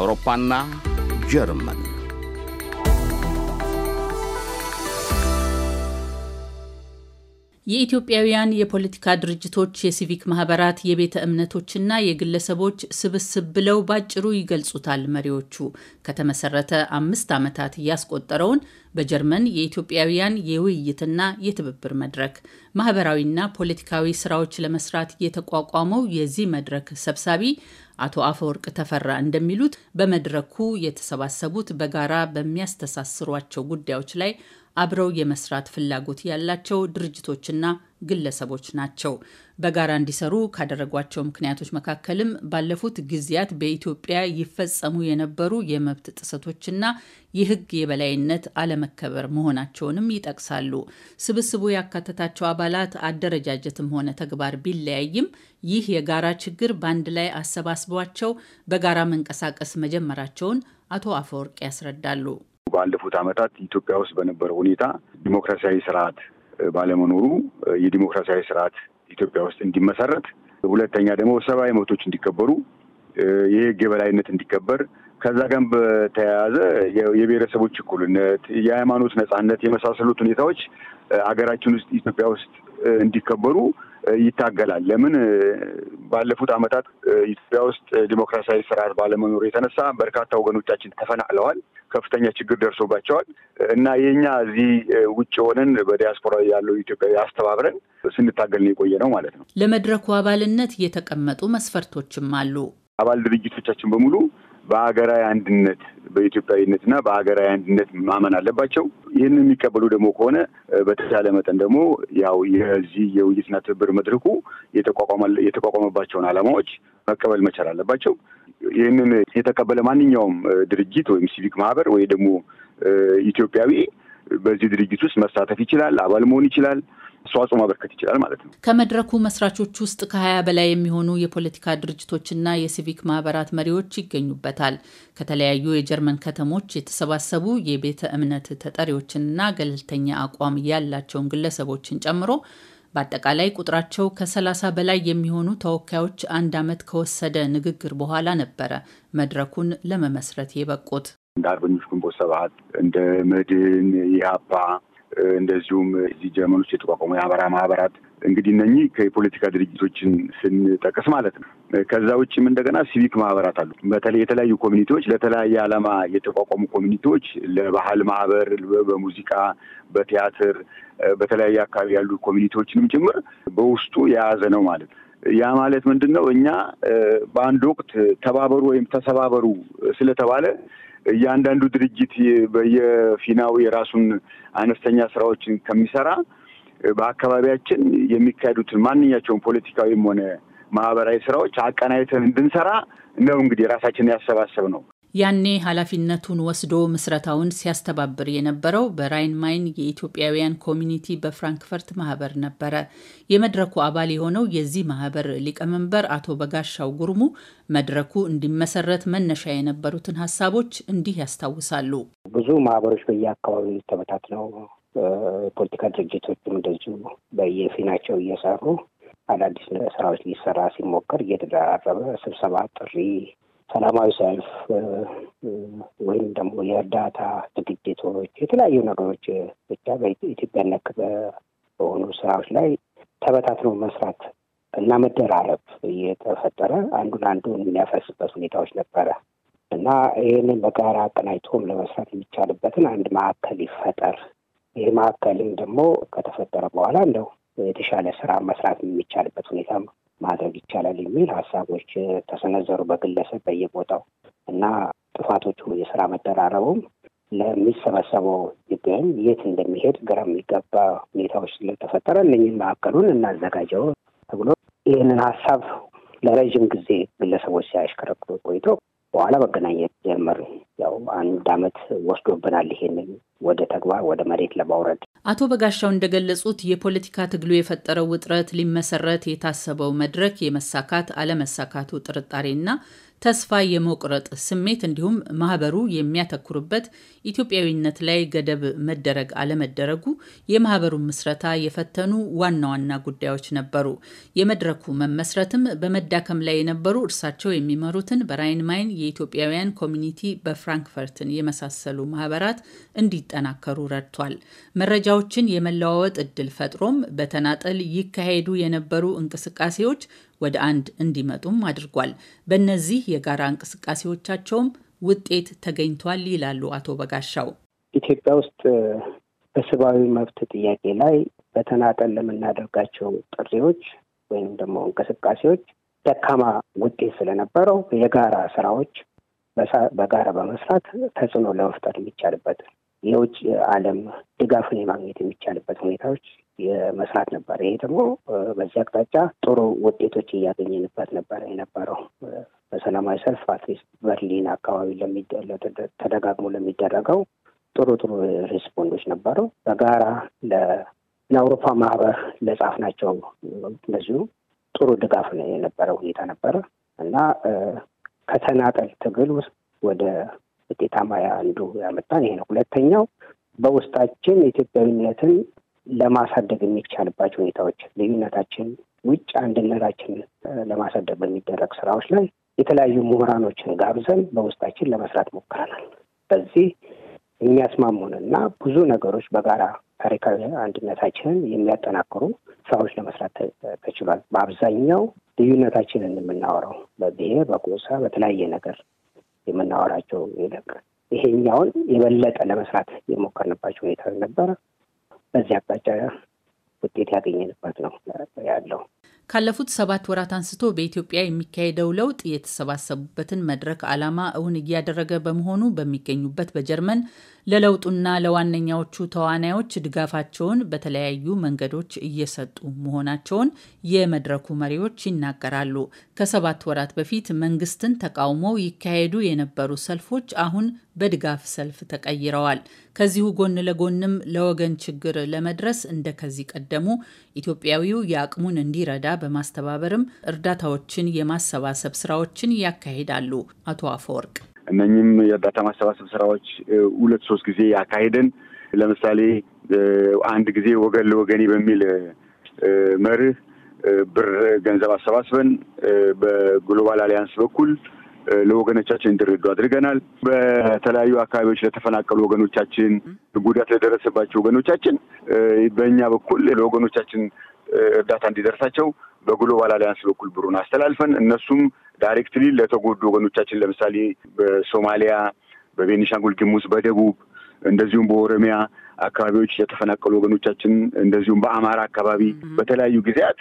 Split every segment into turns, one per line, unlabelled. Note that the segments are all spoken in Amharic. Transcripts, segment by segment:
አውሮፓና ጀርመን
የኢትዮጵያውያን የፖለቲካ ድርጅቶች፣ የሲቪክ ማህበራት፣ የቤተ እምነቶችና የግለሰቦች ስብስብ ብለው ባጭሩ ይገልጹታል መሪዎቹ። ከተመሰረተ አምስት ዓመታት እያስቆጠረውን በጀርመን የኢትዮጵያውያን የውይይትና የትብብር መድረክ ማህበራዊና ፖለቲካዊ ስራዎች ለመስራት የተቋቋመው የዚህ መድረክ ሰብሳቢ አቶ አፈወርቅ ተፈራ እንደሚሉት በመድረኩ የተሰባሰቡት በጋራ በሚያስተሳስሯቸው ጉዳዮች ላይ አብረው የመስራት ፍላጎት ያላቸው ድርጅቶችና ግለሰቦች ናቸው። በጋራ እንዲሰሩ ካደረጓቸው ምክንያቶች መካከልም ባለፉት ጊዜያት በኢትዮጵያ ይፈጸሙ የነበሩ የመብት ጥሰቶችና የሕግ የበላይነት አለመከበር መሆናቸውንም ይጠቅሳሉ። ስብስቡ ያካተታቸው አባላት አደረጃጀትም ሆነ ተግባር ቢለያይም ይህ የጋራ ችግር በአንድ ላይ አሰባስቧቸው በጋራ መንቀሳቀስ መጀመራቸውን አቶ አፈወርቅ ያስረዳሉ።
ባለፉት ዓመታት ኢትዮጵያ ውስጥ በነበረው ሁኔታ ዲሞክራሲያዊ ስርዓት ባለመኖሩ የዲሞክራሲያዊ ስርዓት ኢትዮጵያ ውስጥ እንዲመሰረት፣ ሁለተኛ ደግሞ ሰብአዊ መብቶች እንዲከበሩ፣ የህግ የበላይነት እንዲከበር ከዛ ጋር በተያያዘ የብሔረሰቦች እኩልነት፣ የሃይማኖት ነጻነት የመሳሰሉት ሁኔታዎች ሀገራችን ውስጥ ኢትዮጵያ ውስጥ እንዲከበሩ ይታገላል። ለምን ባለፉት ዓመታት ኢትዮጵያ ውስጥ ዲሞክራሲያዊ ስርዓት ባለመኖር የተነሳ በርካታ ወገኖቻችን ተፈናቅለዋል፣ ከፍተኛ ችግር ደርሶባቸዋል እና የኛ እዚህ ውጭ ሆነን በዲያስፖራ ያለው ኢትዮጵያዊ አስተባብረን ስንታገል የቆየ ነው ማለት ነው።
ለመድረኩ አባልነት የተቀመጡ መስፈርቶችም አሉ።
አባል ድርጅቶቻችን በሙሉ በሀገራዊ አንድነት በኢትዮጵያዊነትና በሀገራዊ አንድነት ማመን አለባቸው። ይህንን የሚቀበሉ ደግሞ ከሆነ በተቻለ መጠን ደግሞ ያው የዚህ የውይይትና ትብብር መድረኩ የተቋቋመባቸውን ዓላማዎች መቀበል መቻል አለባቸው። ይህንን የተቀበለ ማንኛውም ድርጅት ወይም ሲቪክ ማህበር ወይ ደግሞ ኢትዮጵያዊ በዚህ ድርጅት ውስጥ መሳተፍ ይችላል፣ አባል መሆን ይችላል። አስተዋጽኦ ማበርከት ይችላል ማለት ነው።
ከመድረኩ መስራቾች ውስጥ ከሀያ በላይ የሚሆኑ የፖለቲካ ድርጅቶችና የሲቪክ ማህበራት መሪዎች ይገኙበታል። ከተለያዩ የጀርመን ከተሞች የተሰባሰቡ የቤተ እምነት ተጠሪዎችንና ገለልተኛ አቋም ያላቸውን ግለሰቦችን ጨምሮ በአጠቃላይ ቁጥራቸው ከ30 በላይ የሚሆኑ ተወካዮች አንድ ዓመት ከወሰደ ንግግር በኋላ ነበረ መድረኩን ለመመስረት የበቁት
እንደ አርበኞች ግንቦት ሰባት፣ እንደ መድን፣ ኢህአፓ እንደዚሁም እዚህ ጀርመን ውስጥ የተቋቋሙ የአበራ ማህበራት እንግዲህ እነኚህ ከፖለቲካ ድርጅቶችን ስንጠቅስ ማለት ነው። ከዛ ውጭም እንደገና ሲቪክ ማህበራት አሉ። በተለይ የተለያዩ ኮሚኒቲዎች ለተለያየ ዓላማ የተቋቋሙ ኮሚኒቲዎች ለባህል ማህበር፣ በሙዚቃ፣ በቲያትር፣ በተለያየ አካባቢ ያሉ ኮሚኒቲዎችንም ጭምር በውስጡ የያዘ ነው ማለት ነው። ያ ማለት ምንድን ነው? እኛ በአንድ ወቅት ተባበሩ ወይም ተሰባበሩ ስለተባለ እያንዳንዱ ድርጅት በየፊናው የራሱን አነስተኛ ስራዎችን ከሚሰራ በአካባቢያችን የሚካሄዱትን ማንኛቸውም ፖለቲካዊም ሆነ ማህበራዊ ስራዎች አቀናይተን እንድንሰራ ነው እንግዲህ ራሳችንን ያሰባሰብ ነው።
ያኔ ኃላፊነቱን ወስዶ ምስረታውን ሲያስተባብር የነበረው በራይን ማይን የኢትዮጵያውያን ኮሚኒቲ በፍራንክፈርት ማህበር ነበረ። የመድረኩ አባል የሆነው የዚህ ማህበር ሊቀመንበር አቶ በጋሻው ጉርሙ መድረኩ እንዲመሰረት መነሻ የነበሩትን ሀሳቦች እንዲህ ያስታውሳሉ።
ብዙ ማህበሮች በየአካባቢው ተበታትነው ፖለቲካ ድርጅቶችም እንደዚሁ በየፊናቸው እየሰሩ አዳዲስ ስራዎች ሊሰራ ሲሞከር እየተደራረበ ስብሰባ ጥሪ ሰላማዊ ሰልፍ ወይም ደግሞ የእርዳታ ዝግጅቶች፣ የተለያዩ ነገሮች ብቻ በኢትዮጵያ ነክ በሆኑ ስራዎች ላይ ተበታትኖ መስራት እና መደራረብ እየተፈጠረ አንዱን አንዱ የሚያፈርስበት ሁኔታዎች ነበረ እና ይህንን በጋራ አቀናጅቶም ለመስራት የሚቻልበትን አንድ ማዕከል ይፈጠር። ይህ ማዕከልም ደግሞ ከተፈጠረ በኋላ እንደው የተሻለ ስራ መስራት የሚቻልበት ሁኔታ ማድረግ ይቻላል የሚል ሀሳቦች ተሰነዘሩ በግለሰብ በየቦታው እና ጥፋቶቹ የስራ መደራረቡም ለሚሰበሰበው ይገኝ የት እንደሚሄድ ግራ የሚገባ ሁኔታዎች ስለተፈጠረ እነኝን ማዕከሉን እናዘጋጀው ተብሎ ይህንን ሀሳብ ለረዥም ጊዜ ግለሰቦች ሲያሽከረክሩ ቆይቶ በኋላ መገናኘት ጀመር። ያው አንድ አመት ወስዶብናል ይሄንን ወደ ተግባር ወደ መሬት ለማውረድ።
አቶ በጋሻው እንደገለጹት የፖለቲካ ትግሉ የፈጠረው ውጥረት፣ ሊመሰረት የታሰበው መድረክ የመሳካት አለመሳካቱ ጥርጣሬና ተስፋ የመቁረጥ ስሜት እንዲሁም ማህበሩ የሚያተኩርበት ኢትዮጵያዊነት ላይ ገደብ መደረግ አለመደረጉ የማህበሩን ምስረታ የፈተኑ ዋና ዋና ጉዳዮች ነበሩ። የመድረኩ መመስረትም በመዳከም ላይ የነበሩ እርሳቸው የሚመሩትን በራይን ማይን የኢትዮጵያውያን ኮሚኒቲ በፍራንክፈርትን የመሳሰሉ ማህበራት እንዲጠናከሩ ረድቷል። መረጃዎችን የመለዋወጥ እድል ፈጥሮም በተናጠል ይካሄዱ የነበሩ እንቅስቃሴዎች ወደ አንድ እንዲመጡም አድርጓል። በእነዚህ የጋራ እንቅስቃሴዎቻቸውም ውጤት ተገኝቷል ይላሉ አቶ በጋሻው።
ኢትዮጵያ ውስጥ በሰብአዊ መብት ጥያቄ ላይ በተናጠል ለምናደርጋቸው ጥሪዎች ወይም ደግሞ እንቅስቃሴዎች ደካማ ውጤት ስለነበረው የጋራ ስራዎች በጋራ በመስራት ተጽዕኖ ለመፍጠር የሚቻልበት የውጭ ዓለም ድጋፍን የማግኘት የሚቻልበት ሁኔታዎች መስራት ነበር። ይሄ ደግሞ በዚህ አቅጣጫ ጥሩ ውጤቶች እያገኘንበት ነበር የነበረው። በሰላማዊ ሰልፍ አትሊስት በርሊን አካባቢ ተደጋግሞ ለሚደረገው ጥሩ ጥሩ ሪስፖንዶች ነበሩ። በጋራ ለአውሮፓ ማህበር ለጻፍ ናቸው እንደዚሁ ጥሩ ድጋፍ የነበረ ሁኔታ ነበረ እና ከተናጠል ትግል ውስጥ ወደ ውጤታማ አንዱ ያመጣን ይሄ ነው። ሁለተኛው በውስጣችን ኢትዮጵያዊነትን ለማሳደግ የሚቻልባቸው ሁኔታዎች ልዩነታችን ውጭ አንድነታችን ለማሳደግ በሚደረግ ስራዎች ላይ የተለያዩ ምሁራኖችን ጋብዘን በውስጣችን ለመስራት ሞክረናል። በዚህ የሚያስማሙን እና ብዙ ነገሮች በጋራ ታሪካዊ አንድነታችንን የሚያጠናክሩ ስራዎች ለመስራት ተችሏል። በአብዛኛው ልዩነታችንን የምናወራው በብሔር፣ በጎሳ፣ በተለያየ ነገር የምናወራቸው ይልቅ ይሄኛውን የበለጠ ለመስራት የሞከርንባቸው ሁኔታ ነበረ። በዚህ አቅጣጫ ውጤት ያገኘንበት ነው
ያለው። ካለፉት ሰባት ወራት አንስቶ በኢትዮጵያ የሚካሄደው ለውጥ የተሰባሰቡበትን መድረክ ዓላማ እውን እያደረገ በመሆኑ በሚገኙበት በጀርመን ለለውጡና ለዋነኛዎቹ ተዋናዮች ድጋፋቸውን በተለያዩ መንገዶች እየሰጡ መሆናቸውን የመድረኩ መሪዎች ይናገራሉ። ከሰባት ወራት በፊት መንግስትን ተቃውሞው ይካሄዱ የነበሩ ሰልፎች አሁን በድጋፍ ሰልፍ ተቀይረዋል። ከዚሁ ጎን ለጎንም ለወገን ችግር ለመድረስ እንደ ከዚህ ቀደሙ ኢትዮጵያዊው የአቅሙን እንዲረዳ በማስተባበርም እርዳታዎችን የማሰባሰብ ስራዎችን ያካሂዳሉ። አቶ አፈወርቅ
እነኝም የእርዳታ ማሰባሰብ ስራዎች ሁለት ሶስት ጊዜ ያካሄደን ለምሳሌ አንድ ጊዜ ወገን ለወገኔ በሚል መርህ ብር ገንዘብ አሰባስበን በግሎባል አሊያንስ በኩል ለወገኖቻችን እንዲረዱ አድርገናል። በተለያዩ አካባቢዎች ለተፈናቀሉ ወገኖቻችን፣ ጉዳት ለደረሰባቸው ወገኖቻችን በእኛ በኩል ለወገኖቻችን እርዳታ እንዲደርሳቸው በግሎባል አሊያንስ በኩል ብሩን አስተላልፈን እነሱም ዳይሬክትሊ ለተጎዱ ወገኖቻችን ለምሳሌ በሶማሊያ፣ በቤኒሻንጉል ጉሙዝ፣ በደቡብ እንደዚሁም በኦሮሚያ አካባቢዎች የተፈናቀሉ ወገኖቻችን እንደዚሁም በአማራ አካባቢ በተለያዩ ጊዜያት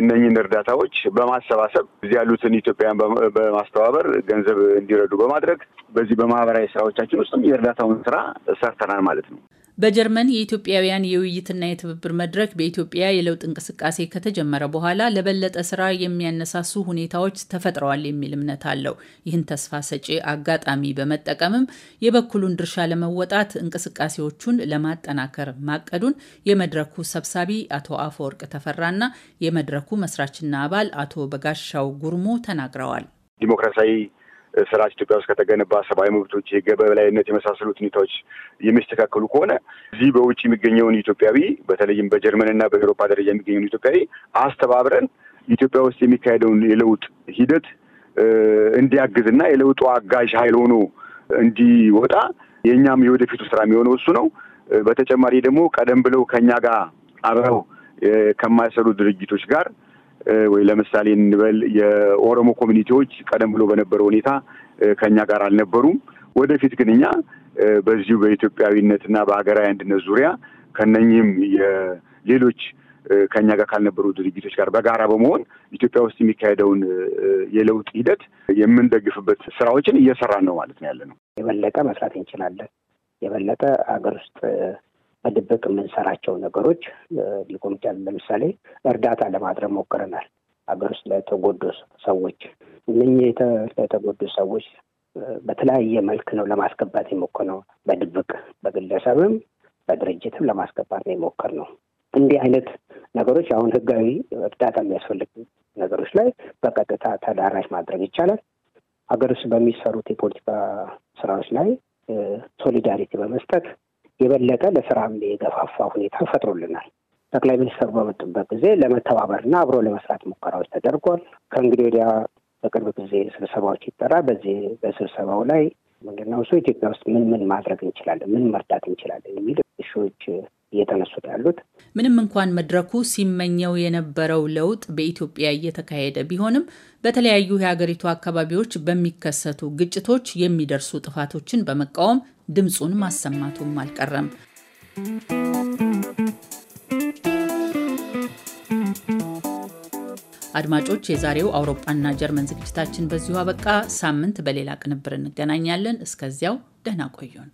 እነኝን እርዳታዎች በማሰባሰብ እዚህ ያሉትን ኢትዮጵያውያን በማስተባበር ገንዘብ እንዲረዱ በማድረግ በዚህ በማህበራዊ ስራዎቻችን ውስጥም የእርዳታውን ስራ ሰርተናል ማለት ነው።
በጀርመን የኢትዮጵያውያን የውይይትና የትብብር መድረክ በኢትዮጵያ የለውጥ እንቅስቃሴ ከተጀመረ በኋላ ለበለጠ ስራ የሚያነሳሱ ሁኔታዎች ተፈጥረዋል የሚል እምነት አለው። ይህን ተስፋ ሰጪ አጋጣሚ በመጠቀምም የበኩሉን ድርሻ ለመወጣት እንቅስቃሴዎቹን ለማጠናከር ማቀዱን የመድረኩ ሰብሳቢ አቶ አፈወርቅ ተፈራና የመድረኩ መስራችና አባል አቶ በጋሻው ጉርሙ ተናግረዋል።
ዲሞክራሲያዊ ስርዓት ኢትዮጵያ ውስጥ ከተገነባ ሰብአዊ መብቶች፣ የገበያ የመሳሰሉት ሁኔታዎች የሚስተካከሉ ከሆነ እዚህ በውጭ የሚገኘውን ኢትዮጵያዊ በተለይም በጀርመንና በአውሮፓ ደረጃ የሚገኘውን ኢትዮጵያዊ አስተባብረን ኢትዮጵያ ውስጥ የሚካሄደውን የለውጥ ሂደት እንዲያግዝና የለውጡ አጋዥ ኃይል ሆኖ እንዲወጣ የእኛም የወደፊቱ ስራ የሚሆነው እሱ ነው። በተጨማሪ ደግሞ ቀደም ብለው ከኛ ጋር አብረው ከማይሰሩ ድርጅቶች ጋር ወይ ለምሳሌ እንበል የኦሮሞ ኮሚኒቲዎች ቀደም ብሎ በነበረ ሁኔታ ከኛ ጋር አልነበሩም። ወደፊት ግን እኛ በዚሁ በኢትዮጵያዊነትና በሀገራዊ አንድነት ዙሪያ ከነኚህም የሌሎች ከኛ ጋር ካልነበሩ ድርጅቶች ጋር በጋራ በመሆን ኢትዮጵያ ውስጥ የሚካሄደውን የለውጥ ሂደት የምንደግፍበት ስራዎችን እየሰራን ነው ማለት ነው
ያለ ነው። የበለጠ መስራት እንችላለን። የበለጠ ሀገር ውስጥ በድብቅ የምንሰራቸው ነገሮች ሊቆም ለምሳሌ እርዳታ ለማድረግ ሞክረናል። ሀገር ውስጥ ለተጎዱ ሰዎች እነኚህ ለተጎዱ ሰዎች በተለያየ መልክ ነው ለማስገባት የሞከርነው። በድብቅ በግለሰብም በድርጅትም ለማስገባት ነው የሞከርነው። እንዲህ አይነት ነገሮች አሁን ህጋዊ እርዳታ የሚያስፈልግ ነገሮች ላይ በቀጥታ ተዳራሽ ማድረግ ይቻላል። ሀገር ውስጥ በሚሰሩት የፖለቲካ ስራዎች ላይ ሶሊዳሪቲ በመስጠት የበለጠ ለስራ የገፋፋ ሁኔታ ፈጥሮልናል። ጠቅላይ ሚኒስተሩ በመጡበት ጊዜ ለመተባበርና አብሮ ለመስራት ሙከራዎች ተደርጓል። ከእንግዲህ ወዲያ በቅርብ ጊዜ ስብሰባዎች ይጠራ። በዚህ በስብሰባው ላይ ምንድነው እሱ ኢትዮጵያ ውስጥ ምን ምን ማድረግ እንችላለን፣ ምን መርዳት እንችላለን የሚል እሾች እየተነሱ ያሉት።
ምንም እንኳን መድረኩ ሲመኘው የነበረው ለውጥ በኢትዮጵያ እየተካሄደ ቢሆንም በተለያዩ የሀገሪቱ አካባቢዎች በሚከሰቱ ግጭቶች የሚደርሱ ጥፋቶችን በመቃወም ድምፁን ማሰማቱም አልቀረም። አድማጮች፣ የዛሬው አውሮፓና ጀርመን ዝግጅታችን በዚሁ አበቃ። ሳምንት በሌላ ቅንብር እንገናኛለን። እስከዚያው ደህና ቆዩን።